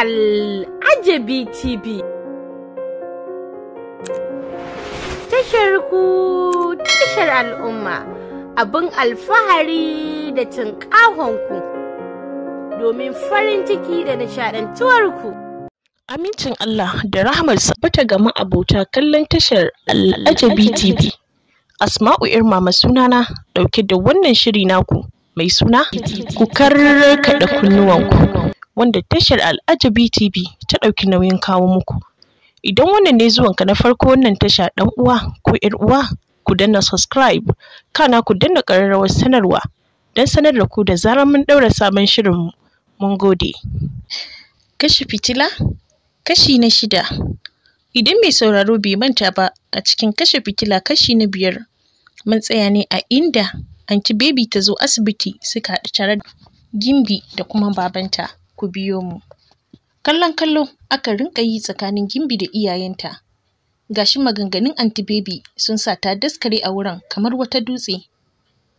Al'ajabi TV. Tashar ku tashar al'umma abin alfahari da ku domin farin ciki da nishaɗantuwarku. Amincin Allah da rahmarsa bata gama abota kallon tashar Al'ajabi TV. Asma'u Irma sunana dauke da wannan shiri naku mai suna ku karkaɗa kunnuwanku. wanda tashar Al'ajabi TV ta ɗauki nauyin kawo muku. Idan wannan ne zuwanka na farko wannan tasha ɗan uwa ko ‘yar uwa ku danna subscribe kana ku danna ƙararrawar sanarwa don sanar da ku da zarar mun ɗaura sabon shirin mun gode. Kashi fitila kashi na shida idan mai sauraro bai manta ba a cikin kashe fitila kashi na biyar mun tsaya ne a inda anti baby ta zo asibiti suka haɗu tare da gimbi da kuma babanta ku biyo mu kallon kallo aka rinka yi tsakanin gimbi da iyayenta gashi maganganun anti baby sun sa ta daskare a wurin kamar wata dutse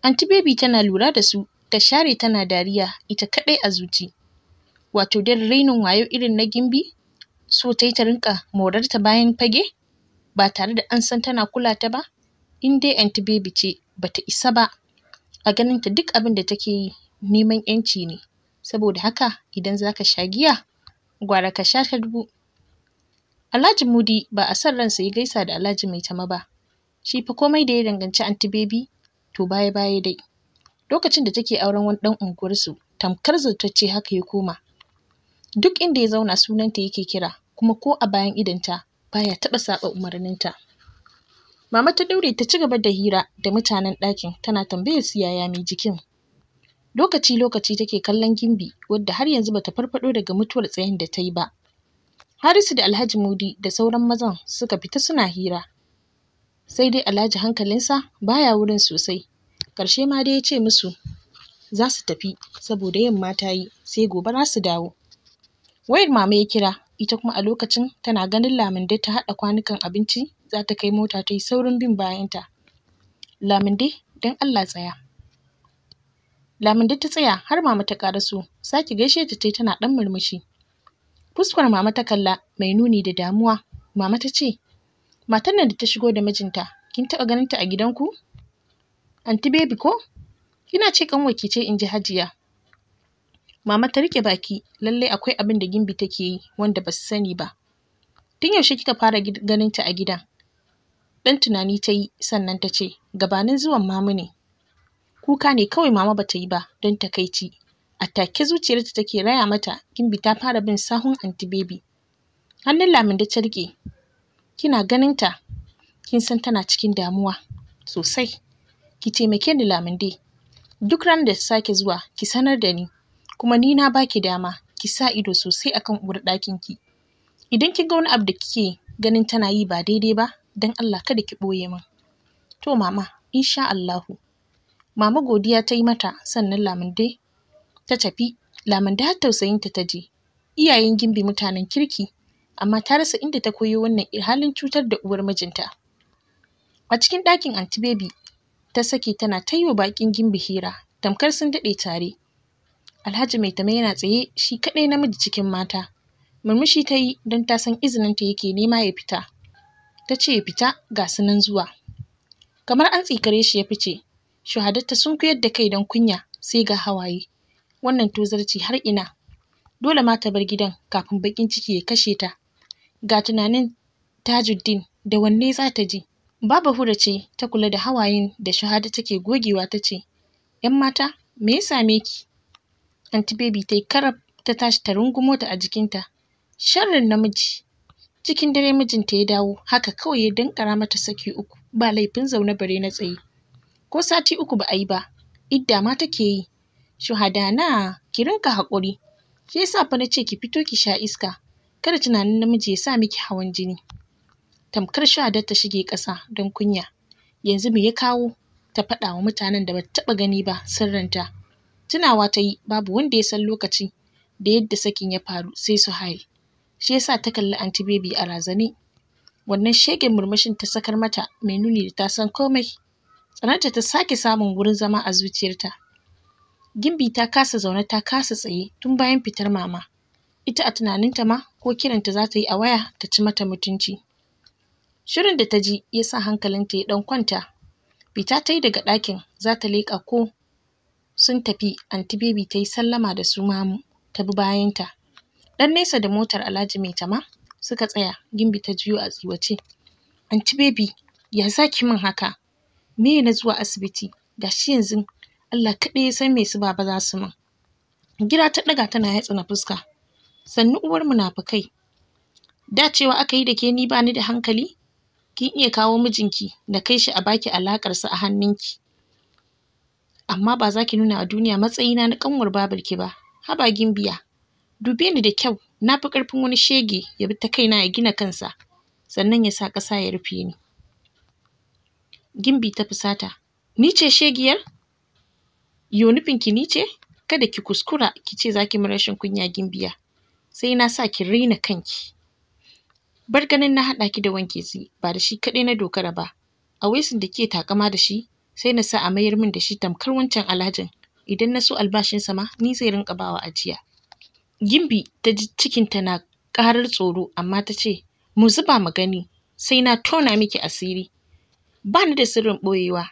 anti baby tana lura da su ta share tana dariya ita kaɗai a zuci wato dan rainin wayo irin na gimbi so ta yi ta rinka morarta bayan fage ba tare da an san tana kula ta ba in dai anti baby ce bata isa ba a ganinta duk abin da take yi neman yanci ne saboda haka idan za ka sha giya gwara ka sha ta dubu Alhaji Mudi ba a san ransa ya gaisa da Alhaji mai tama ba shi fa komai da ya danganci anti baby to baya baya dai lokacin da take auren wani dan unguwarsu tamkar zartacce haka ya koma duk inda ya zauna sunanta yake kira kuma ko a bayan idanta baya taɓa saɓa umarninta mama ta daure ta ci gaba da hira da mutanen ɗakin tana tambayar su yaya mai jikin lokaci-lokaci take kallon Gimbi wadda har yanzu bata farfaɗo daga mutuwar tsayin da ta yi ba. Harisu da Alhaji Mudi da sauran mazan suka fita suna hira. Sai dai Alhaji hankalinsa baya wurin sosai. Karshe ma dai ya ce musu za su tafi saboda yamma ta yi sai gobe za su dawo. Wayar mama ya kira ita kuma a lokacin tana ganin Laminde ta haɗa kwanukan abinci za ta kai mota ta yi saurin bin bayanta. Laminde don Allah tsaya. Lamin da ta tsaya har mama ta su sake gaishe ta tai tana ɗan murmushi. Fuskar mama ta kalla mai nuni da damuwa. Mama ta ce, Matar nan da ta shigo da mijinta, kin taɓa ganin ta a gidanku? Anti Baby ko? Kina ce ƙanwarki ce in ji Hajiya. Mama ta rike baki, lallai akwai abin da Gimbi take yi wanda ba su sani ba. Tun yaushe kika fara ganin ta a gidan? Ɗan tunani ta yi sannan ta ce, gabanin zuwan mamu ne. kuka ne kawai mama bata yi ba don takaici a take zuciyarta take raya mata Gimbi ta fara bin sahun anti baby hannun Laminde ta riƙe kina ganin ta kin san tana cikin damuwa sosai ki taimake ni Laminde duk ran da ta sake zuwa ki sanar da ni kuma ni na baki dama ki sa ido sosai akan uwar ɗakin ki idan kin ga wani abu da kike ganin tana yi ba daidai ba dan Allah kada ki ɓoye min to mama insha Allahu Mama godiya ta yi mata sannan Laminde ta tafi. Laminde har tausayinta ta je. Iyayen Gimbi mutanen kirki amma ta rasa inda ta koyo wannan halin cutar da uwar mijinta. A cikin ɗakin anti Baby ta sake tana ta yi wa baƙin Gimbi hira tamkar sun daɗe tare. Alhaji Maitama yana tsaye shi kaɗai namiji cikin mata. Murmushi ta yi don ta san izininta yake nema ya fita. Ta ce ya fita ga su nan zuwa. Kamar an tsikare shi ya fice Shahadatta sun kuyar da kai don kunya sai ga hawaye. Wannan tozarci har ina. Dole ma ta bar gidan kafin baƙin ciki ya kashe ta. Ga tunanin Tajuddin da wanne za ta je? Baba Hura ce ta kula da hawayen da Shahada take gogewa ta ce, ‘Yan mata, me ya same ki?’ Anti Baby ta yi karab ta tashi ta rungumo ta a jikinta. Sharrin namiji. Cikin dare mijinta ya dawo haka kawai ya dankara mata saki uku ba laifin zaune bare na tsaye. ko sati uku ba a yi ba idda ma take yi shuhada na ki rinka haƙuri shi yasa fa na ce ki fito ki sha iska kada tunanin namiji ya sa miki hawan jini tamkar shahadar ta shige ƙasa don kunya yanzu me ya kawo ta faɗa wa mutanen da ba taɓa gani ba sirrinta tunawa ta yi babu wanda ya san lokacin da yadda sakin ya faru sai su haye shi yasa ta kalli anti baby a razane wannan shegen murmushin ta sakar mata mai nuni da ta san komai Tsananta ta sake samun wurin zama a zuciyarta gimbi ta kasa zaune ta kasa tsaye tun bayan fitar mama ita a tunaninta ma ko kiranta za ta yi a waya ta ci mata mutunci shirin da ta ji ya sa ta ya ɗan kwanta fita ta yi daga ɗakin za ta leƙa ko sun tafi anti baby ta yi sallama da su mamu ta bi bayanta ɗan nesa da motar alhaji mai tama suka tsaya gimbi ta juyo a tsiwace anti baby ya za min haka me na zuwa asibiti Ga shi yanzu Allah kaɗai ya san me su baba za su min gida ta ɗaga tana yatsa na fuska sannu uwar munafukai cewa aka yi da ke ni bani da hankali kin iya kawo mijinki da kai shi a baki alakarsa a hannunki amma ba za ki nuna a duniya matsayina na kanwar babarki ba haba gimbiya dube ni da kyau na fi ƙarfin wani shege ya bi ta kaina ya gina kansa sannan ya sa ƙasa ya rufe ni Gimbi ta fusata. Ni ce shegiyar? Yo nufinki ni ce? Kada ki kuskura ki ce za ki mu rashin kunya gimbiya. Sai na sa ki raina kanki. Bar ganin na haɗa ki da wanke si ba da shi kaɗai na dokara ba. A waisin da ke takama da shi sai na sa a mayar min da shi tamkar wancan alhajin. Idan na so albashinsa ma ni zai rinƙa bawa ajiya. Gimbi ta ji cikinta na ƙarar tsoro amma ta ce, mu zuba mu gani sai na tona miki asiri ba ni da sirrin ɓoyewa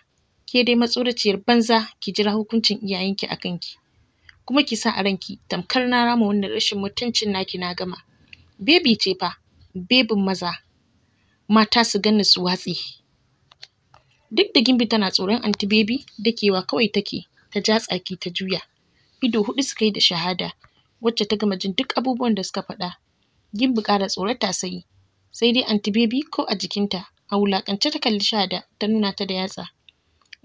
ke dai matsoraciyar banza ki jira hukuncin iyayenki a kanki kuma ki sa a ranki tamkar na rama wannan rashin mutuncin naki na gama bebi ce fa bebin maza mata su ganni su watse duk da gimbi tana tsoron anti bebi dakewa kawai take ta jatsa tsaki ta juya ido hudu suka yi da shahada wacce ta gama jin duk abubuwan da suka faɗa gimbi ƙara tsorata sai sai dai anti bebi ko a jikinta a wulaƙance ta kalli shada, ta nuna ta da yatsa.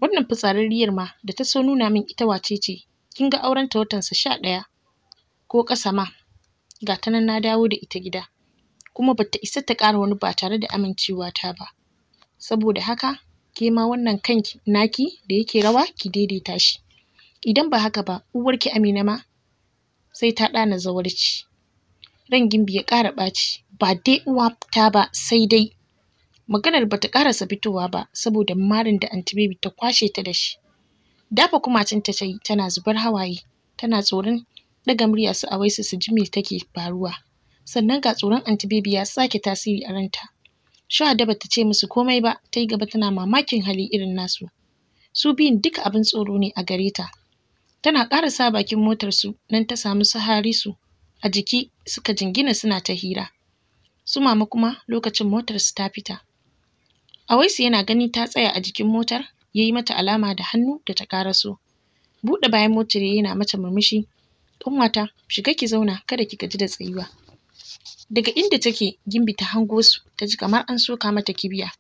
Wannan fitsararriyar ma da ta so nuna min ita wace ce, kin ga auren ta watansa sha ɗaya ko ƙasa ma, ga ta nan na dawo da ita gida. Kuma ba ta isa ta ƙara wani ba tare da amincewa ta ba. Saboda haka, ke ma wannan kanki naki da yake rawa ki daidaita shi. Idan ba haka ba, uwarki Amina ma sai ta ɗana zawarci. Ran Gimbi ya ƙara ɓaci, ba dai uwa ta ba sai dai Maganar bata karasa fitowa ba saboda marin da anti baby ta kwashe ta da shi. Dafa kumacin ta yi tana zubar hawaye, tana tsoron ɗaga murya su a waisu su ji me take faruwa. Sannan ga tsoron anti baby ya sake tasiri a ranta. shahada bata ce musu komai ba, ta yi gaba tana mamakin hali irin nasu. Su biyun duka abin tsoro ne a gare ta. Tana sa bakin motarsu nan ta samu su Harisu a jiki suka jingina suna ta hira. Su mama kuma lokacin motarsu ta fita. Awaisu yana gani ta tsaya a jikin motar ya yi mata alama da hannu da ta ƙaraso. Buɗe bayan motar ya yana mata murmushi. Ƙanwata, shiga ki zauna kada ki gaji da tsayuwa. Daga inda take Gimbi ta hango su ta ji kamar an soka mata kibiya.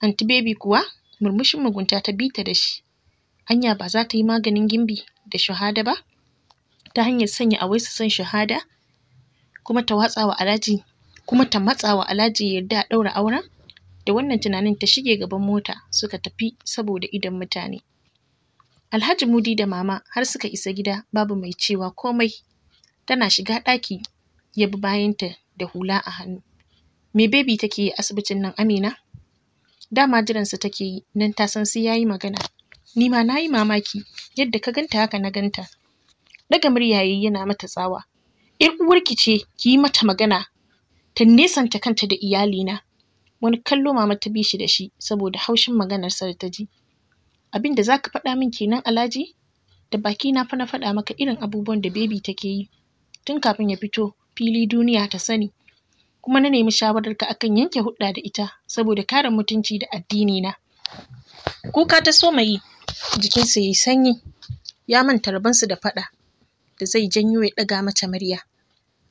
Anti Baby kuwa murmushin mugunta ta bi ta da shi. Anya ba za ta yi maganin Gimbi da shahada ba? Ta hanyar sanya Awaisu son shahada kuma ta watsa wa Alhaji kuma ta matsa wa Alhaji ya yarda a ɗaura auren? da wannan tunanin ta shige gaban mota suka tafi saboda idon mutane alhaji mudi da mama har suka isa gida babu mai cewa komai tana shiga ɗaki ya bi bayanta da hula a hannu me baby take yi asibitin nan amina dama jiransa take yi nan ta san sai yayi magana ni ma na yi mamaki yadda ka ganta haka na ganta daga murya yayi yana mata tsawa 'yar uwarki ce ki yi mata magana ta nesanta kanta da iyalina wani kallo mama ta bi shi da shi saboda haushin maganarsa da ta ji abin da za ka faɗa min kenan alhaji da baki na fa na faɗa maka irin abubuwan da baby take yi tun kafin ya fito fili duniya ta sani kuma na nemi shawarar shawararka akan yanke hulɗa da ita saboda kare mutunci da addini na kuka ta so mai jikinsa yayi sanyi ya manta rabonsu da faɗa da zai janyo ya ɗaga mata murya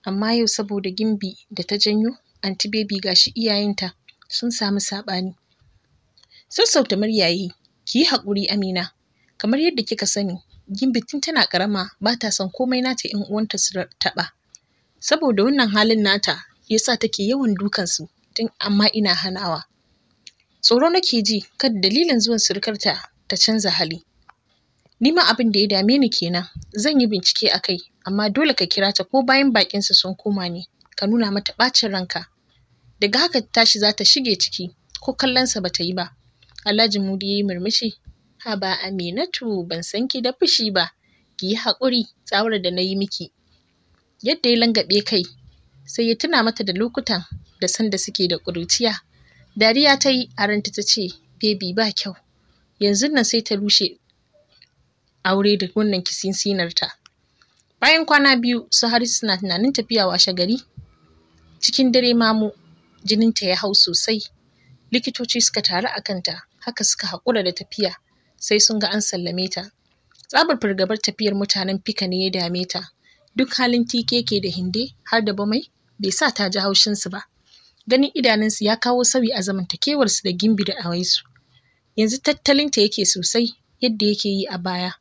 amma yau saboda gimbi da ta janyo anti baby gashi iyayenta sun samu saɓani. Sassauta muryayi, ki yi haƙuri Amina, kamar yadda kika sani, Gimbitin tana ƙarama ba ta son komai nata ‘yan uwanta su taɓa. Saboda wannan halin nata, ya yasa take yawan dukansu tun amma ina hanawa. Tsoro nake ji kada dalilin zuwan surukarta ta canza hali. Ni ma abin da ya dame ni kenan, zan yi bincike a kai, amma dole ka kira ta ko bayan bakinsa sun koma ne, ka nuna mata ɓacin ranka. daga haka tashi za ta shige ciki ko kallonsa ba ta yi ba alhaji mudi ya yi murmushi ha ba aminatu ban san ki da fushi ba ki yi haƙuri tsawar da na yi miki yadda ya langabe kai sai ya tuna mata da lokutan da sanda suke da ƙuruciya dariya ta yi a ta ce bebi ba kyau yanzu nan sai ta rushe aure da wannan kisinsinarta bayan kwana biyu su har suna tunanin tafiya washe gari cikin dare mamu Jinin ta ya hau sosai likitoci suka taru a kanta haka suka haƙura da tafiya sai sun ga an sallame ta tsabar fargabar tafiyar mutanen fika ne ya dame ta duk halin tikeke da hinde har da bamai bai sa ta ji haushinsu ba ganin idanunsu ya kawo sauyi a zamantakewarsu da gimbi da awaisu yanzu tattalinta yake sosai yadda yake yi a baya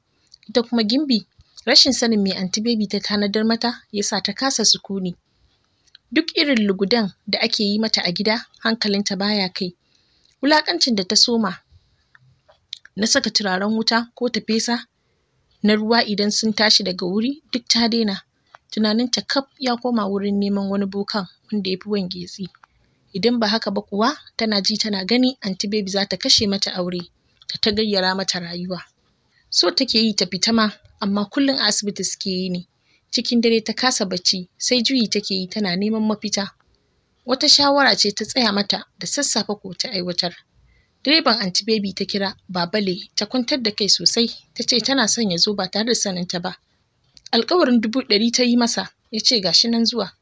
ita kuma gimbi rashin sanin mai anti baby ta tanadar mata ya sa ta kasa sukuni duk irin lugudan da ake yi mata a gida hankalinta baya kai wulaƙancin da ta soma na saka turaren wuta ko tafesa na ruwa idan sun tashi daga wuri duk ta daina tunaninta kaf ya koma wurin neman wani bokan wanda ya fi wangezi idan ba haka ba kuwa tana ji tana gani anti baby za ta kashe mata aure ta ta gayyara mata rayuwa so take yi ta fita ma amma kullum a asibiti suke yi ne cikin dare ta kasa bacci sai juyi take yi tana neman mafita wata shawara ce ta tsaya mata da sassafe ko ta aiwatar direban anti baby ta kira babale ta kwantar da kai sosai ta ce tana son ya zo ba tare da saninta ba alkawarin dubu ɗari ta yi masa ya ce gashi nan zuwa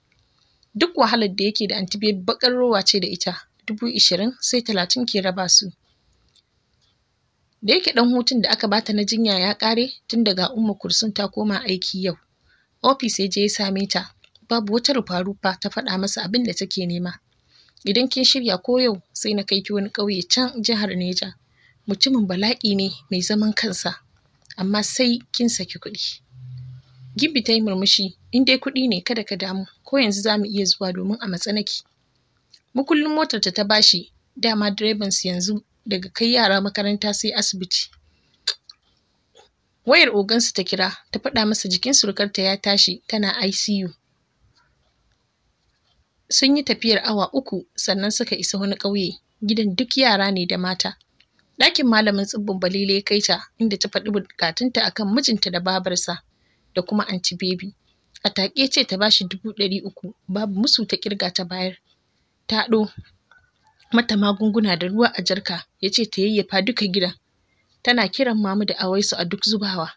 duk wahalar da yake da anti baby bakar rowa ce da ita dubu ishirin sai talatin ke raba su da yake ɗan hutun da aka bata na jinya ya ƙare, tun daga umma kursun ta koma aiki yau ofis ya je ya same ta babu wata rufa-rufa ta faɗa masa abin da take nema idan kin shirya ko yau sai na kai ki wani ƙauye can jihar Neja mutumin bala'i ne mai zaman kansa amma sai kin saki kuɗi Gibbi ta yi murmushi in dai kuɗi ne kada ka damu ko yanzu za mu iya zuwa domin a matsanaki mukullin motarta ta bashi dama direban yanzu daga kai yara makaranta sai asibiti wayar ogansu ta kira ta faɗa masa jikin surukarta ya tashi tana ICU sun yi tafiyar awa uku sannan suka isa wani ƙauye gidan duk yara ne da mata ɗakin malamin tsibbin balile kai ta inda ta faɗi bukatunta akan mijinta da babarsa da kuma anti baby a take ce ta bashi dubu ɗari uku babu musu ta ƙirga ta bayar ta ɗo mata magunguna da ruwa a jarka ya ce ta yayyafa duka gidan tana kiran mamu da awaisu a duk zubawa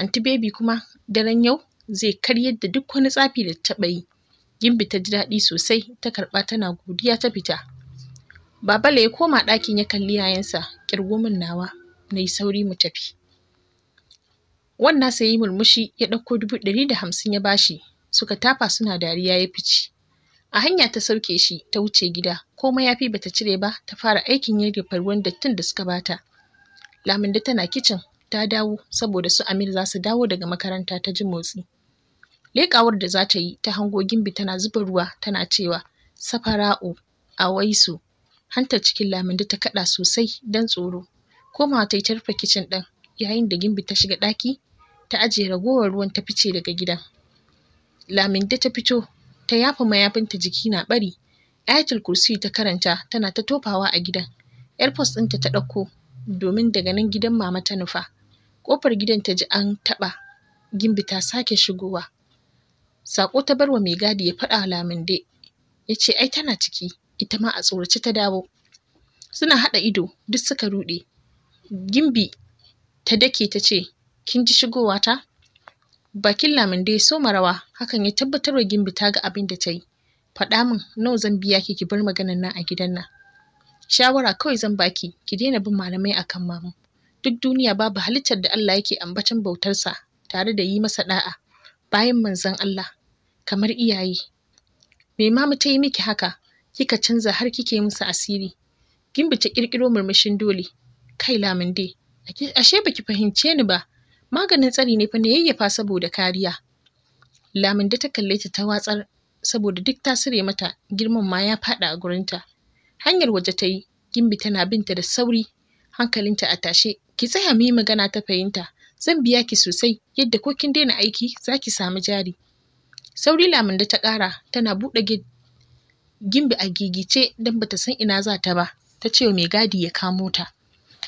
anti baby kuma daren yau zai karyar da duk wani tsafi da taɓa yi gimbi ta ji daɗi sosai ta karɓa tana godiya ta fita babala ya koma ɗakin ya kalli yayansa ƙirgo min nawa na yi sauri mu tafi wannan sai yi murmushi ya ɗauko dubu ɗari da hamsin ya bashi suka tafa suna dariya ya fice a hanya ta sauke shi ta wuce gida komai yafi bata cire ba ta fara aikin yayyafa ruwan dattin da suka bata Laminde tana kicin ta dawo saboda su Amir za su dawo daga makaranta ta ji motsi. Leƙawar da za ta yi ta hango Gimbi tana zuba ruwa tana cewa safara'u a waisu. Hantar cikin Laminde ta kaɗa sosai don tsoro. Komawa ta yi ta rufe kicin ɗin yayin da Gimbi ta shiga ɗaki ta ajiye ragowar ruwan ta fice daga gidan. Laminde ta fito ta yafa mayafinta jiki na ɓari. Ayatul Kursi ta karanta tana ta tofawa a gidan. Airpods ɗinta ta ɗauko domin daga nan gidan mama ta nufa ƙofar gidan ta ji an taɓa gimbi ta sake shigowa saƙo ta barwa mai gadi ya faɗa laminde ya ce ai tana ciki ita ma a tsorace ta dawo suna haɗa ido duk suka ruɗe gimbi ta dake ta ce kin ji shigowa ta bakin laminde ya soma rawa hakan ya tabbatar wa gimbi ta ga abin da ta yi faɗa min nawa zan biya ki ki bar maganan nan a gidan nan shawara kawai zan baki ki daina bin malamai akan mamu duk duniya babu halittar da Allah yake bautar bautarsa tare da yi masa da'a bayan manzon Allah kamar iyaye me mamu ta yi miki haka kika canza har kike musu asiri gimbi ta kirkiro murmushin dole kai lamin dai ashe baki fahimce ni ba maganin tsari ne fa ne yayyafa saboda kariya lamin da ta kalle ta ta watsar saboda duk ta sire mata girman ma ya fada a gurinta hanyar waje ta yi gimbi tana binta da sauri hankalinta a tashe ki tsaya mu yi magana ta fahimta zan biya ki sosai yadda ko kin daina aiki za ki samu jari sauri da ta ƙara tana buɗe gimbi a gigice don bata san ina za ta ba ta ce mai gadi ya kamo ta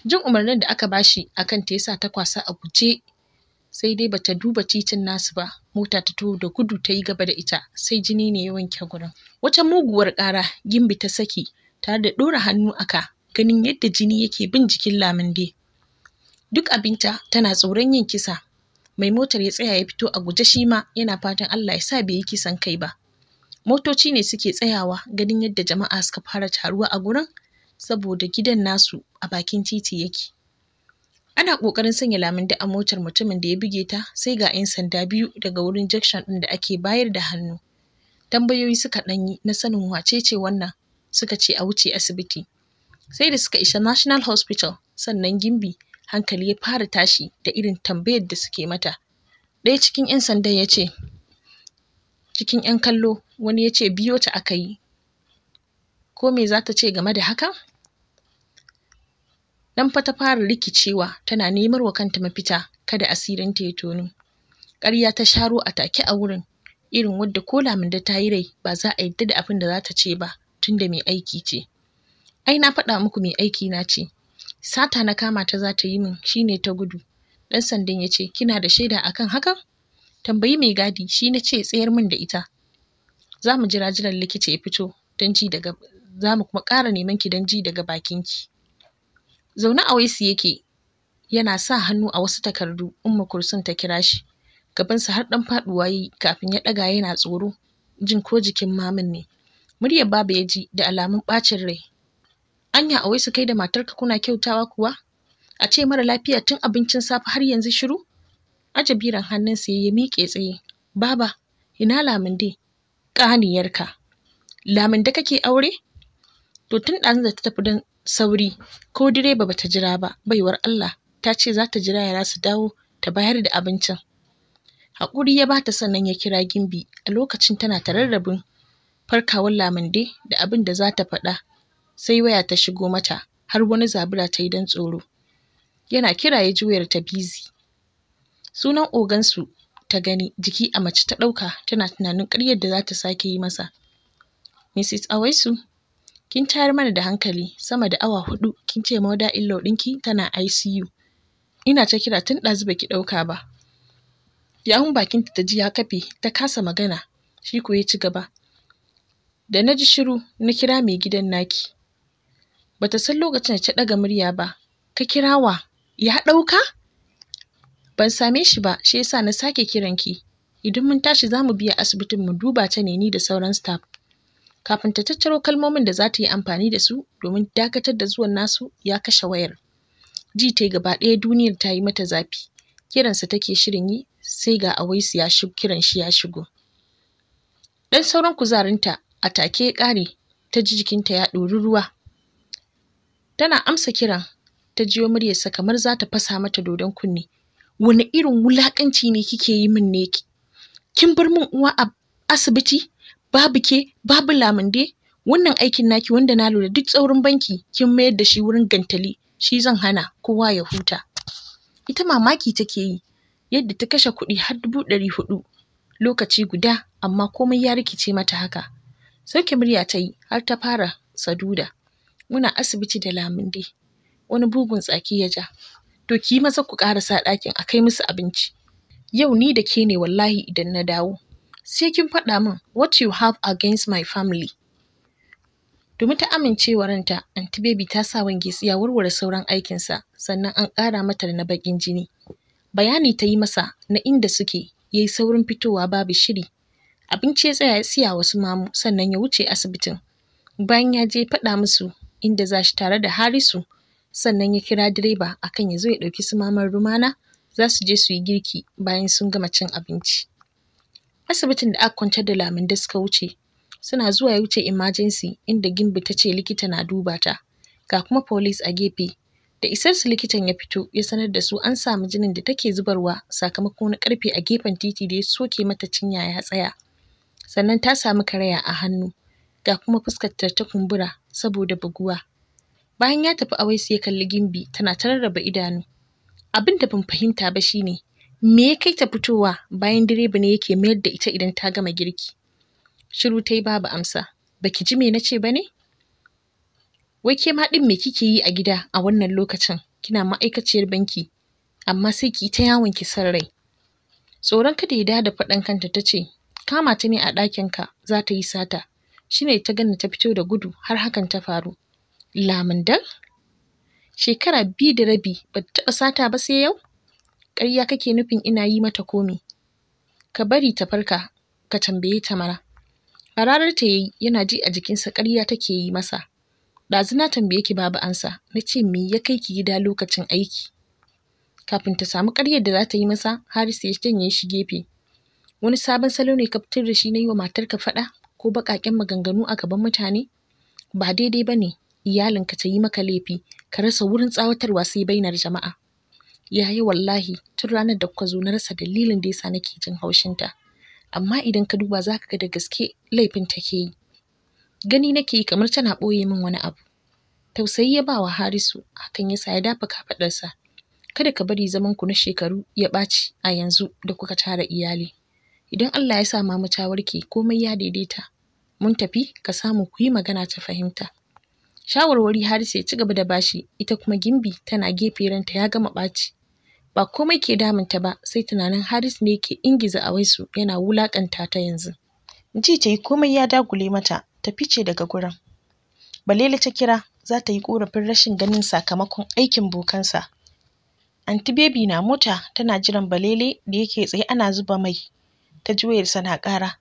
jin umarnin da aka bashi akan ta yasa ta kwasa a guje sai dai bata duba titin nasu ba mota ta taho da gudu ta yi gaba da ita sai jini ne ya wanke gurin wata muguwar ƙara gimbi ta saki tare da ɗora hannu aka ganin yadda jini yake bin jikin lamande duk abinta tana tsoron yin kisa mai motar ya tsaya ya fito a guje shi ma yana fatan Allah ya sa bai yi kisan kai ba motoci ne suke tsayawa ganin yadda jama'a suka fara taruwa a gurin saboda gidan nasu a bakin titi yake ana ƙoƙarin sanya lamande a motar mutumin da ya buge ta sai ga 'yan sanda biyu daga wurin junction ɗin da ake bayar da hannu tambayoyi suka ɗan yi na sanin wacece wannan suka ce a wuce asibiti sai da suka isa national hospital sannan gimbi hankali ya fara tashi da irin tambayar da suke mata ɗaya cikin 'yan sandan ya ce cikin 'yan kallo wani ya ce biyo ta aka yi ko me za ta ce game da haka Ɗan fa fara rikicewa tana nemar wa kanta mafita kada asirinta ya tonu ƙarya ta sharo a take a wurin irin wadda ko da ta yi rai ba za a yadda da abin da za ta ce ba tunda mai aiki ce ai na faɗa muku mai aiki na ce sata na kama ta za ta yi min shine ta gudu ɗan sandan ya ce kina da shaida a kan hakan tambayi mai gadi shi na ce tsayar min da ita za mu jira jiran likita ya fito don ji daga za mu kuma ƙara neman ki don ji daga bakinki zaune a waisu yake yana sa hannu a wasu takardu umma kursun ta kira shi gabansa har ɗan faɗuwa yi kafin ya ɗaga yana tsoro jin ko jikin mamin ne Muryar baba ya ji da alamun ɓacin rai. Anya a wai su kai da matarka kuna kyautawa kuwa? A ce mara lafiya tun abincin safe har yanzu shiru? Ajabiran hannunsa ya miƙe tsaye. Baba, ina laminde? Ƙaniyarka. Laminde kake aure? To tun ɗazun da ta tafi don sauri, ko direba bata jira ba, baiwar Allah ta ce za ta jira ya su dawo ta bayar da abincin. Haƙuri ya bata sannan ya kira Gimbi a lokacin tana tararrabin farkawar laminde da abin da za ta faɗa sai waya ta shigo mata har wani zabura ta yi don tsoro yana kira ya juyar ta bizi sunan ogansu ta gani jiki a mace ta ɗauka tana tunanin ƙaryar da za ta sake yi masa mrs awaisu kin tayar mana da hankali sama da awa hudu kin ce mauda illo ɗinki tana icu ina ta kira tun ɗazu baki ɗauka ba yahun bakinta ta ji ya kafe ta kasa magana shi ko ya ci gaba da na ji shiru na kira mai gidan naki bata san lokacin da ta ɗaga murya ba ka kira wa ya ɗauka ban same shi ba shi yasa na sake kiran ki idan mun tashi za mu biya asibitin mu duba ta ne ni da sauran staff kafin ta tattaro kalmomin da za ta yi amfani da su domin dakatar da zuwan nasu ya kashe wayar ji ta gaba ɗaya duniyar ta yi mata zafi kiransa take shirin yi sai ga awaisu ya shigo kiran shi ya shigo dan sauran kuzarinta a take ya ƙare ta ji jikinta ya ɗori ruwa tana amsa kiran ta jiyo muryarsa kamar za ta fasa mata dodon kunne wani irin wulaƙanci ne kike yi min ne kin bar min uwa a asibiti babu ke babu lamande wannan aikin naki wanda na lura duk tsaurin banki kin mayar da shi wurin gantali shi zan hana kowa ya huta ita mamaki take yi yadda ta kashe kuɗi har dubu ɗari huɗu lokaci guda amma komai ya rikice mata haka Sauke murya ta yi har ta fara saduda. Muna asibiti da lamun de. Wani bugun tsaki ya ja. To ki yi maza ku sa ɗakin a kai musu abinci. Yau ni da ke ne wallahi idan na dawo. Sai kin faɗa min what you have against my family. Domin ta amincewa ranta, anti baby ta sa wange ya warware sauran aikinsa sannan an ƙara mata da na bakin jini. Bayani ta yi masa na inda suke yayi saurin fitowa babu shiri abinci ya tsaya ya siya wasu mamu sannan ya wuce asibitin bayan ya je faɗa musu inda za shi tare da harisu sannan ya kira direba akan ya zo ya ɗauki su mamar rumana za su je su yi girki bayan sun gama cin abinci asibitin da aka kwantar da lamin da suka wuce suna zuwa ya wuce emergency inda gimbi ta ce likita na duba ta ga kuma police a gefe da isarsu likitan ya fito ya sanar da su an samu jinin da take zubarwa sakamakon na karfe a gefen titi da ya soke mata cinya ya tsaya sannan ta samu karaya a hannu ga kuma fuskar ta kumbura saboda buguwa bayan ya tafi su ya kalli gimbi tana ta rarraba idanu abin da ban fahimta ba shine me ya kai ta fitowa bayan direba ne yake mayar da ita idan ta gama girki shiru ta yi babu amsa baki ji me na ce ba ne wai ke ma ɗin me kike yi a gida a wannan lokacin kina ma'aikaciyar banki amma sai ki ta yawon ki san rai tsoron kada ya da faɗan kanta ta ce kama ta ne a ɗakinka za ta yi sata shi ne ta gani ta fito da gudu har hakan ta faru lamundan shekara biyu da rabi ba ta taɓa sata ba sai yau ƙarya kake nufin ina yi mata komi ka bari ta farka ka tambaye ta mara a ranar ta yayi yana ji a jikinsa ƙarya take yi masa ɗazu na tambaye ki babu ansa na ce me ya kai ki gida lokacin aiki kafin ta samu ƙaryar da za ta yi masa Harisu ya janye shi gefe wani sabon salo ne ka fitar da shi na yi wa matarka faɗa ko baƙaƙen maganganu a gaban mutane ba daidai ba ne iyalinka ta yi maka laifi ka rasa wurin tsawatarwa sai bainar jama'a yayi wallahi tun ranar da kuka zo na rasa dalilin da yasa nake jin haushinta amma idan ka duba zaka ga da gaske laifin ke yi gani nake yi kamar tana ɓoye min wani abu tausayi ya bawa harisu hakan yasa ya dafa kafaɗarsa kada ka bari zaman ku na shekaru ya ɓaci a yanzu da kuka tara iyali idan Allah ya sa mamu ta warke komai ya daidaita mun tafi ka samu ku yi magana ta fahimta shawarwari Haris ya ci gaba da bashi ita kuma Gimbi tana gefe ranta ya gama ɓaci ba komai ke damun ta ba sai tunanin Haris ne ke ingiza a waisu yana wulaƙanta ta yanzu ji ta yi komai ya dagule mata ta fice daga gurin Balele ta kira za ta yi korafin rashin ganin sakamakon aikin bokansa Anti Baby na mota tana jiran Balele da yake tsaye ana zuba mai ta juyarsa na ƙara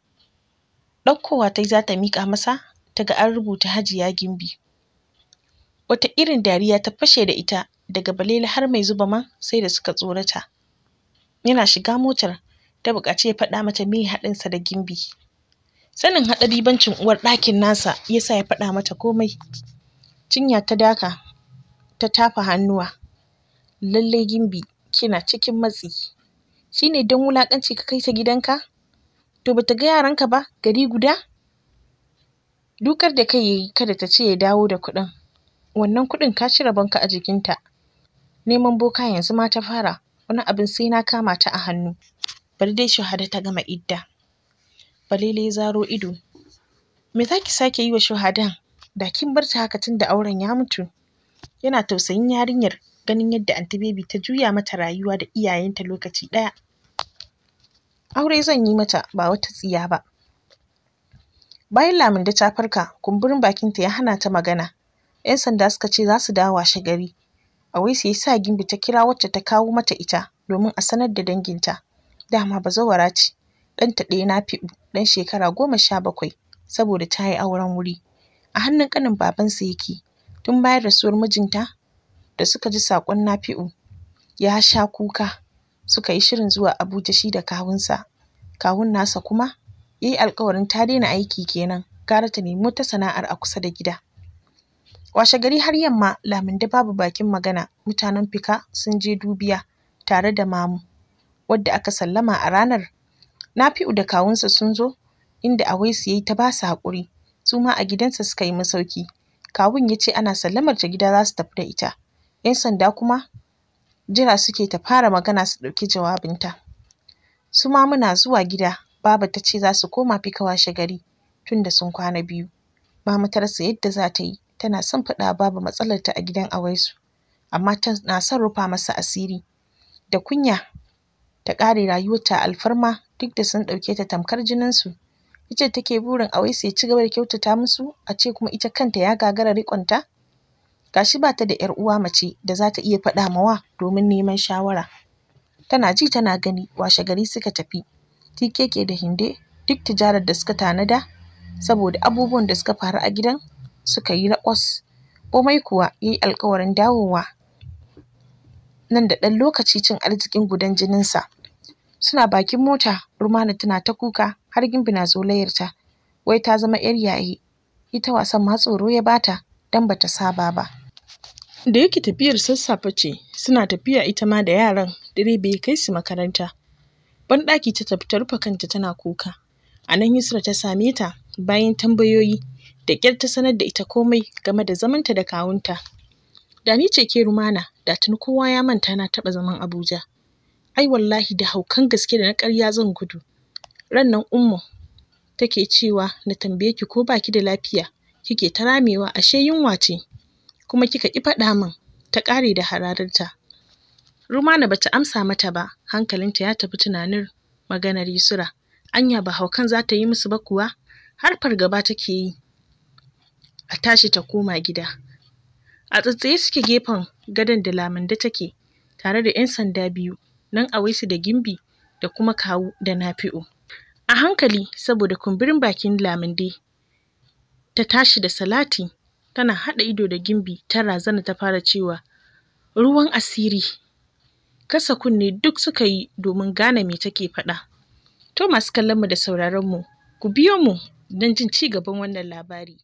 ɗaukowa ta za ta miƙa masa ta ga an rubuta hajiya gimbi wata irin dariya ta fashe da ita daga balele har mai zuba man sai da suka tsorata yana shiga motar ta buƙaci ya faɗa mata me haɗinsa da gimbi sanin haɗari bancin uwar ɗakin nasa ya sa ya faɗa mata komai cinya ta daka ta tafa hannuwa lallai gimbi kina cikin matsi shine don wulaƙanci ka kai ta gidanka to bata ga yaranka ba gari guda dukar da kai yayi kada ta ce ya dawo da kuɗin wannan kuɗin ka cire banka a jikinta neman boka yanzu ma ta fara wani abin sai na kama ta a hannu bari dai shahada ta gama idda balele ya zaro ido me zaki sake yi wa shahadan da kin bar ta haka da auren ya mutu yana tausayin yarinyar ganin yadda anti baby ta juya mata rayuwa da iyayenta lokaci ɗaya aure zan yi mata ba wata tsiya ba bayan laminda ta farka kumburin bakinta ya hana ta magana yan sanda suka ce za su dawo washe gari awaisu ya sa gimbi ta kira wacce ta kawo mata ita domin a sanar da danginta dama bazawara ce ɗanta ɗaya na fiɓu ɗan shekara goma sha bakwai saboda ta yi auren wuri a hannun ƙanin babansa yake tun bayan rasuwar mijinta da suka ji saƙon na nafi'u ya sha kuka suka yi shirin zuwa Abuja shi da kawunsa. Kawun nasa kuma ya yi alkawarin ta daina aiki kenan gara ta nemi wata sana'ar a kusa da gida. Washe gari har yamma Laminde babu bakin magana mutanen fika sun je dubiya tare da mamu wadda aka sallama a ranar. Nafi'u da kawunsa sun zo inda Awaisu ya yi ta basu haƙuri su ma a gidansa suka yi masauki. Kawun ya ce ana sallamar ta gida za su tafi da ita. ‘Yan sanda kuma jira suke ta fara magana su ɗauki jawabinta su ma muna zuwa gida baba ta ce za su koma fika washe gari tunda sun kwana biyu mama ta rasa yadda za ta yi tana son faɗa babu matsalarta a gidan awaisu amma tana son rufa masa asiri da kunya ta ƙare rayuwarta a alfarma duk da sun ɗauke ta tamkar jininsu ita take burin awaisu ya ci gaba da kyautata musu a ce kuma ita kanta ya gagara riƙonta gashi ba ta da ‘yar uwa mace da za ta iya faɗa mawa domin neman shawara. Tana ji tana gani washe gari suka tafi. tikeke da Hinde duk tijarar da suka tanada saboda abubuwan da suka faru a gidan suka yi laƙwas? Komai kuwa ya yi alkawarin dawowa nan da ɗan lokaci cin arzikin gudan jininsa. Suna bakin mota Rumana tana ta kuka har Gimbina na ta. wai ta zama ‘yar yaye. Ita wasan ma tsoro ya bata don bata saba ba da yake tafiyar sassafe ce suna tafiya ita ma da yaran direba ya kai su makaranta banɗaki ta tafi ta rufe kanta tana kuka a nan Yusra ta same ta bayan tambayoyi da ƙyar ta sanar da ita komai game da zamanta da kawunta da ni ce ke rumana da tuni kowa ya manta na taɓa zaman abuja ai wallahi da haukan gaske da na ƙarya zan gudu Rannan nan ummu take cewa na tambaye ki ko baki da lafiya kike ta ramewa ashe yunwa ce kuma kika ki faɗa min ta ƙare da hararinta rumana bata amsa mata ba hankalinta ya tafi tunanin maganar yusura anya ba haukan za ta yi musu ba kuwa har fargaba take yi a tashi ta koma gida a tsatsaye suke gefen gadon da lamande take tare da 'yan sanda biyu nan awaisu da gimbi da kuma kawu da nafi'u a hankali saboda kumburin bakin lamande ta tashi da salati tana haɗa ido da gimbi ta razana ta fara cewa ruwan asiri kasa kunne duk suka yi domin gane me take faɗa to masu kallon mu da sauraron mu ku biyo mu don jin ci gaban wannan labari